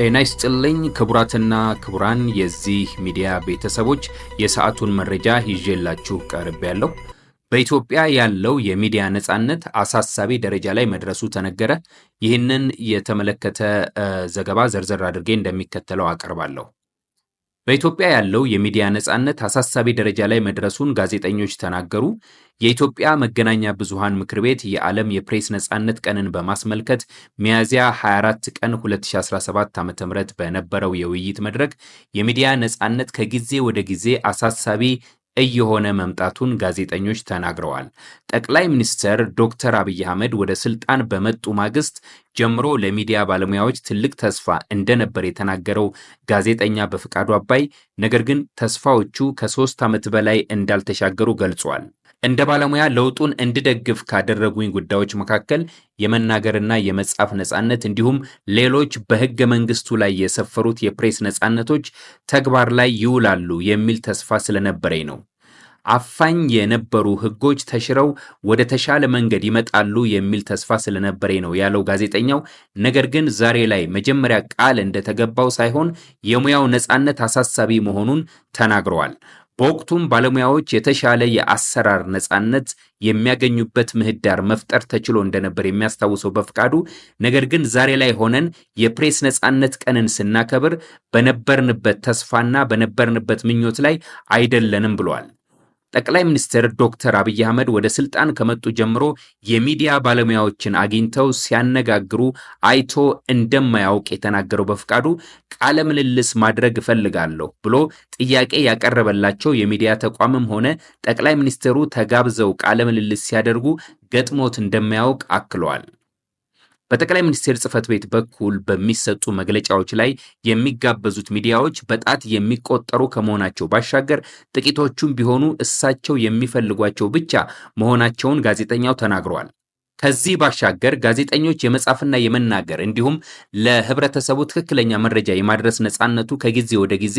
ጤና ይስጥልኝ ክቡራትና ክቡራን የዚህ ሚዲያ ቤተሰቦች የሰዓቱን መረጃ ይዤላችሁ ቀርብ ያለው በኢትዮጵያ ያለው የሚዲያ ነጻነት አሳሳቢ ደረጃ ላይ መድረሱ ተነገረ። ይህንን የተመለከተ ዘገባ ዘርዘር አድርጌ እንደሚከተለው አቀርባለሁ። በኢትዮጵያ ያለው የሚዲያ ነጻነት አሳሳቢ ደረጃ ላይ መድረሱን ጋዜጠኞች ተናገሩ። የኢትዮጵያ መገናኛ ብዙሃን ምክር ቤት የዓለም የፕሬስ ነጻነት ቀንን በማስመልከት ሚያዝያ 24 ቀን 2017 ዓ.ም በነበረው የውይይት መድረክ የሚዲያ ነጻነት ከጊዜ ወደ ጊዜ አሳሳቢ እየሆነ መምጣቱን ጋዜጠኞች ተናግረዋል። ጠቅላይ ሚኒስትር ዶክተር አብይ አህመድ ወደ ስልጣን በመጡ ማግስት ጀምሮ ለሚዲያ ባለሙያዎች ትልቅ ተስፋ እንደነበር የተናገረው ጋዜጠኛ በፍቃዱ አባይ ነገር ግን ተስፋዎቹ ከሶስት ዓመት በላይ እንዳልተሻገሩ ገልጿል። እንደ ባለሙያ ለውጡን እንድደግፍ ካደረጉኝ ጉዳዮች መካከል የመናገርና የመጻፍ ነጻነት እንዲሁም ሌሎች በህገ መንግስቱ ላይ የሰፈሩት የፕሬስ ነጻነቶች ተግባር ላይ ይውላሉ የሚል ተስፋ ስለነበረኝ ነው። አፋኝ የነበሩ ህጎች ተሽረው ወደ ተሻለ መንገድ ይመጣሉ የሚል ተስፋ ስለነበረኝ ነው ያለው ጋዜጠኛው። ነገር ግን ዛሬ ላይ መጀመሪያ ቃል እንደተገባው ሳይሆን የሙያው ነጻነት አሳሳቢ መሆኑን ተናግረዋል። በወቅቱም ባለሙያዎች የተሻለ የአሰራር ነጻነት የሚያገኙበት ምህዳር መፍጠር ተችሎ እንደነበር የሚያስታውሰው በፍቃዱ፣ ነገር ግን ዛሬ ላይ ሆነን የፕሬስ ነጻነት ቀንን ስናከብር በነበርንበት ተስፋና በነበርንበት ምኞት ላይ አይደለንም ብሏል። ጠቅላይ ሚኒስትር ዶክተር አብይ አህመድ ወደ ስልጣን ከመጡ ጀምሮ የሚዲያ ባለሙያዎችን አግኝተው ሲያነጋግሩ አይቶ እንደማያውቅ የተናገረው በፍቃዱ ቃለ ምልልስ ማድረግ እፈልጋለሁ ብሎ ጥያቄ ያቀረበላቸው የሚዲያ ተቋምም ሆነ ጠቅላይ ሚኒስትሩ ተጋብዘው ቃለ ምልልስ ሲያደርጉ ገጥሞት እንደማያውቅ አክለዋል። በጠቅላይ ሚኒስቴር ጽህፈት ቤት በኩል በሚሰጡ መግለጫዎች ላይ የሚጋበዙት ሚዲያዎች በጣት የሚቆጠሩ ከመሆናቸው ባሻገር ጥቂቶቹም ቢሆኑ እሳቸው የሚፈልጓቸው ብቻ መሆናቸውን ጋዜጠኛው ተናግረዋል። ከዚህ ባሻገር ጋዜጠኞች የመጻፍና የመናገር እንዲሁም ለህብረተሰቡ ትክክለኛ መረጃ የማድረስ ነጻነቱ ከጊዜ ወደ ጊዜ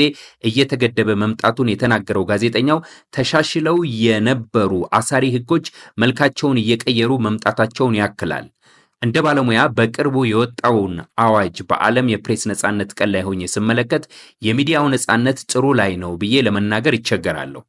እየተገደበ መምጣቱን የተናገረው ጋዜጠኛው ተሻሽለው የነበሩ አሳሪ ህጎች መልካቸውን እየቀየሩ መምጣታቸውን ያክላል። እንደ ባለሙያ በቅርቡ የወጣውን አዋጅ በዓለም የፕሬስ ነፃነት ቀን ላይ ሆኜ ስመለከት የሚዲያው ነፃነት ጥሩ ላይ ነው ብዬ ለመናገር ይቸገራለሁ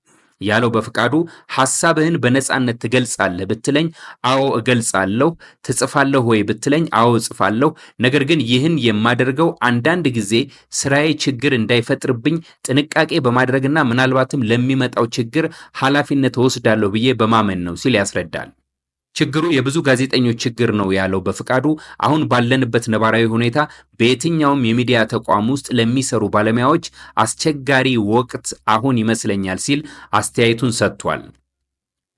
ያለው በፍቃዱ ሐሳብህን በነፃነት ትገልጻለህ ብትለኝ አዎ እገልጻለሁ። ትጽፋለሁ ወይ ብትለኝ አዎ እጽፋለሁ። ነገር ግን ይህን የማደርገው አንዳንድ ጊዜ ስራዬ ችግር እንዳይፈጥርብኝ ጥንቃቄ በማድረግና ምናልባትም ለሚመጣው ችግር ኃላፊነት እወስዳለሁ ብዬ በማመን ነው ሲል ያስረዳል። ችግሩ የብዙ ጋዜጠኞች ችግር ነው ያለው በፍቃዱ፣ አሁን ባለንበት ነባራዊ ሁኔታ በየትኛውም የሚዲያ ተቋም ውስጥ ለሚሰሩ ባለሙያዎች አስቸጋሪ ወቅት አሁን ይመስለኛል ሲል አስተያየቱን ሰጥቷል።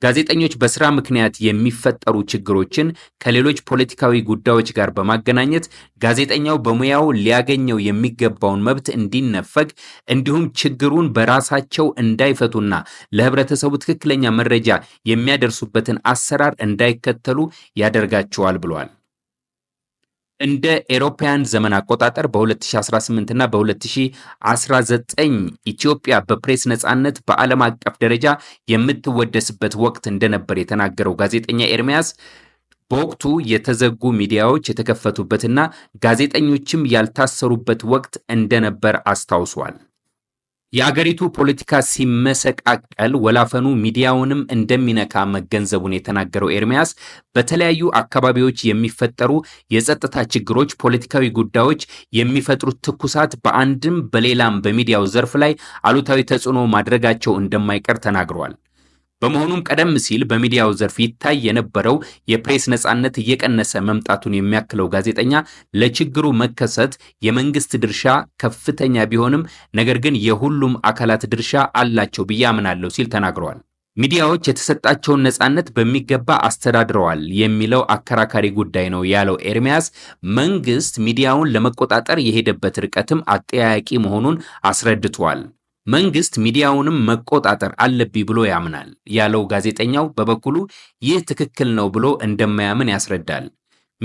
ጋዜጠኞች በስራ ምክንያት የሚፈጠሩ ችግሮችን ከሌሎች ፖለቲካዊ ጉዳዮች ጋር በማገናኘት ጋዜጠኛው በሙያው ሊያገኘው የሚገባውን መብት እንዲነፈግ እንዲሁም ችግሩን በራሳቸው እንዳይፈቱና ለህብረተሰቡ ትክክለኛ መረጃ የሚያደርሱበትን አሰራር እንዳይከተሉ ያደርጋቸዋል ብሏል። እንደ ኤሮፓያን ዘመን አቆጣጠር በ2018 እና በ2019 ኢትዮጵያ በፕሬስ ነጻነት በዓለም አቀፍ ደረጃ የምትወደስበት ወቅት እንደነበር የተናገረው ጋዜጠኛ ኤርሚያስ በወቅቱ የተዘጉ ሚዲያዎች የተከፈቱበትና ጋዜጠኞችም ያልታሰሩበት ወቅት እንደነበር አስታውሷል። የአገሪቱ ፖለቲካ ሲመሰቃቀል ወላፈኑ ሚዲያውንም እንደሚነካ መገንዘቡን የተናገረው ኤርሚያስ በተለያዩ አካባቢዎች የሚፈጠሩ የጸጥታ ችግሮች፣ ፖለቲካዊ ጉዳዮች የሚፈጥሩት ትኩሳት በአንድም በሌላም በሚዲያው ዘርፍ ላይ አሉታዊ ተጽዕኖ ማድረጋቸው እንደማይቀር ተናግረዋል። በመሆኑም ቀደም ሲል በሚዲያው ዘርፍ ይታይ የነበረው የፕሬስ ነጻነት እየቀነሰ መምጣቱን የሚያክለው ጋዜጠኛ ለችግሩ መከሰት የመንግስት ድርሻ ከፍተኛ ቢሆንም ነገር ግን የሁሉም አካላት ድርሻ አላቸው ብዬ አምናለሁ ሲል ተናግረዋል። ሚዲያዎች የተሰጣቸውን ነጻነት በሚገባ አስተዳድረዋል የሚለው አከራካሪ ጉዳይ ነው ያለው ኤርሚያስ መንግስት ሚዲያውን ለመቆጣጠር የሄደበት ርቀትም አጠያያቂ መሆኑን አስረድቷል። መንግስት ሚዲያውንም መቆጣጠር አለብኝ ብሎ ያምናል ያለው ጋዜጠኛው በበኩሉ ይህ ትክክል ነው ብሎ እንደማያምን ያስረዳል።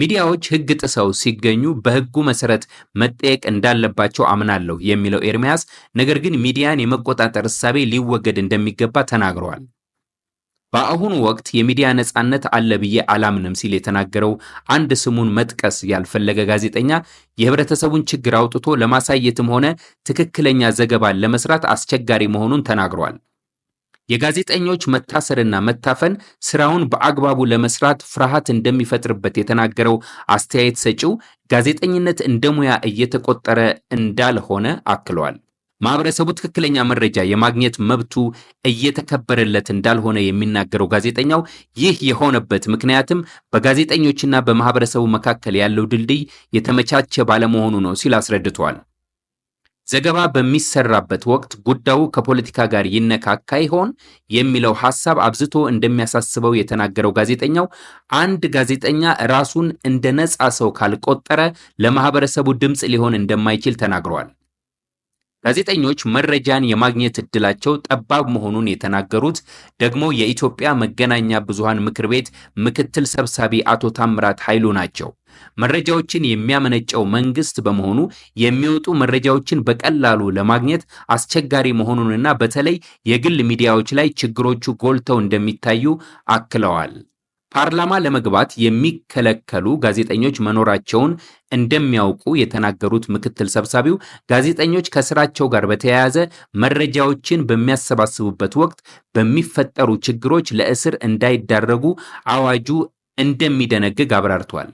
ሚዲያዎች ህግ ጥሰው ሲገኙ በህጉ መሰረት መጠየቅ እንዳለባቸው አምናለሁ የሚለው ኤርሚያስ ነገር ግን ሚዲያን የመቆጣጠር እሳቤ ሊወገድ እንደሚገባ ተናግረዋል። በአሁኑ ወቅት የሚዲያ ነጻነት አለ ብዬ አላምንም ሲል የተናገረው አንድ ስሙን መጥቀስ ያልፈለገ ጋዜጠኛ የህብረተሰቡን ችግር አውጥቶ ለማሳየትም ሆነ ትክክለኛ ዘገባን ለመስራት አስቸጋሪ መሆኑን ተናግሯል። የጋዜጠኞች መታሰርና መታፈን ስራውን በአግባቡ ለመስራት ፍርሃት እንደሚፈጥርበት የተናገረው አስተያየት ሰጪው ጋዜጠኝነት እንደ ሙያ እየተቆጠረ እንዳልሆነ አክሏል። ማህበረሰቡ ትክክለኛ መረጃ የማግኘት መብቱ እየተከበረለት እንዳልሆነ የሚናገረው ጋዜጠኛው ይህ የሆነበት ምክንያትም በጋዜጠኞችና በማህበረሰቡ መካከል ያለው ድልድይ የተመቻቸ ባለመሆኑ ነው ሲል አስረድቷል። ዘገባ በሚሰራበት ወቅት ጉዳዩ ከፖለቲካ ጋር ይነካካ ይሆን የሚለው ሐሳብ አብዝቶ እንደሚያሳስበው የተናገረው ጋዜጠኛው አንድ ጋዜጠኛ ራሱን እንደ ነፃ ሰው ካልቆጠረ ለማህበረሰቡ ድምፅ ሊሆን እንደማይችል ተናግሯል። ጋዜጠኞች መረጃን የማግኘት እድላቸው ጠባብ መሆኑን የተናገሩት ደግሞ የኢትዮጵያ መገናኛ ብዙሃን ምክር ቤት ምክትል ሰብሳቢ አቶ ታምራት ኃይሉ ናቸው። መረጃዎችን የሚያመነጨው መንግስት በመሆኑ የሚወጡ መረጃዎችን በቀላሉ ለማግኘት አስቸጋሪ መሆኑንና በተለይ የግል ሚዲያዎች ላይ ችግሮቹ ጎልተው እንደሚታዩ አክለዋል። ፓርላማ ለመግባት የሚከለከሉ ጋዜጠኞች መኖራቸውን እንደሚያውቁ የተናገሩት ምክትል ሰብሳቢው ጋዜጠኞች ከስራቸው ጋር በተያያዘ መረጃዎችን በሚያሰባስቡበት ወቅት በሚፈጠሩ ችግሮች ለእስር እንዳይዳረጉ አዋጁ እንደሚደነግግ አብራርቷል።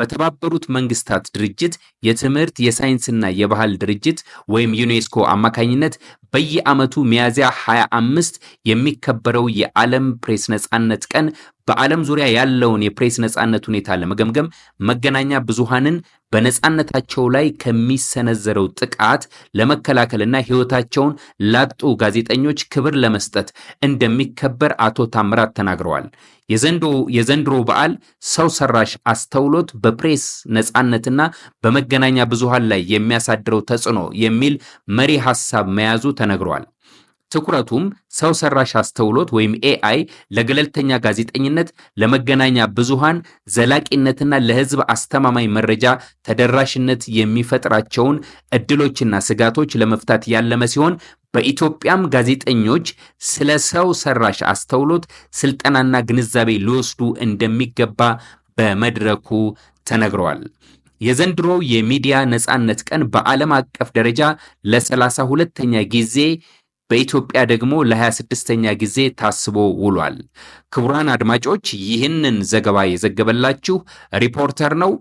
በተባበሩት መንግስታት ድርጅት የትምህርት የሳይንስና የባህል ድርጅት ወይም ዩኔስኮ አማካኝነት በየዓመቱ ሚያዚያ 25 የሚከበረው የዓለም ፕሬስ ነጻነት ቀን በዓለም ዙሪያ ያለውን የፕሬስ ነጻነት ሁኔታ ለመገምገም መገናኛ ብዙሃንን በነጻነታቸው ላይ ከሚሰነዘረው ጥቃት ለመከላከልና ሕይወታቸውን ላጡ ጋዜጠኞች ክብር ለመስጠት እንደሚከበር አቶ ታምራት ተናግረዋል። የዘንድሮ በዓል ሰው ሰራሽ አስተውሎት በፕሬስ ነጻነትና በመገናኛ ብዙሃን ላይ የሚያሳድረው ተጽዕኖ የሚል መሪ ሐሳብ መያዙ ተነግሯል። ትኩረቱም ሰው ሰራሽ አስተውሎት ወይም ኤአይ ለገለልተኛ ጋዜጠኝነት፣ ለመገናኛ ብዙሃን ዘላቂነትና ለሕዝብ አስተማማኝ መረጃ ተደራሽነት የሚፈጥራቸውን እድሎችና ስጋቶች ለመፍታት ያለመ ሲሆን በኢትዮጵያም ጋዜጠኞች ስለ ሰው ሰራሽ አስተውሎት ስልጠናና ግንዛቤ ሊወስዱ እንደሚገባ በመድረኩ ተነግረዋል። የዘንድሮው የሚዲያ ነጻነት ቀን በዓለም አቀፍ ደረጃ ለሰላሳ ሁለተኛ ጊዜ በኢትዮጵያ ደግሞ ለ26ኛ ጊዜ ታስቦ ውሏል። ክቡራን አድማጮች ይህንን ዘገባ የዘገበላችሁ ሪፖርተር ነው።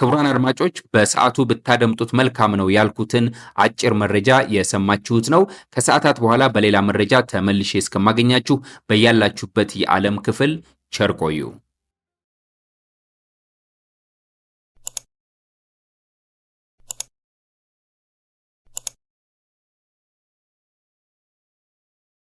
ክቡራን አድማጮች በሰዓቱ ብታደምጡት መልካም ነው ያልኩትን አጭር መረጃ የሰማችሁት ነው። ከሰዓታት በኋላ በሌላ መረጃ ተመልሼ እስከማገኛችሁ በያላችሁበት የዓለም ክፍል ቸር ቆዩ።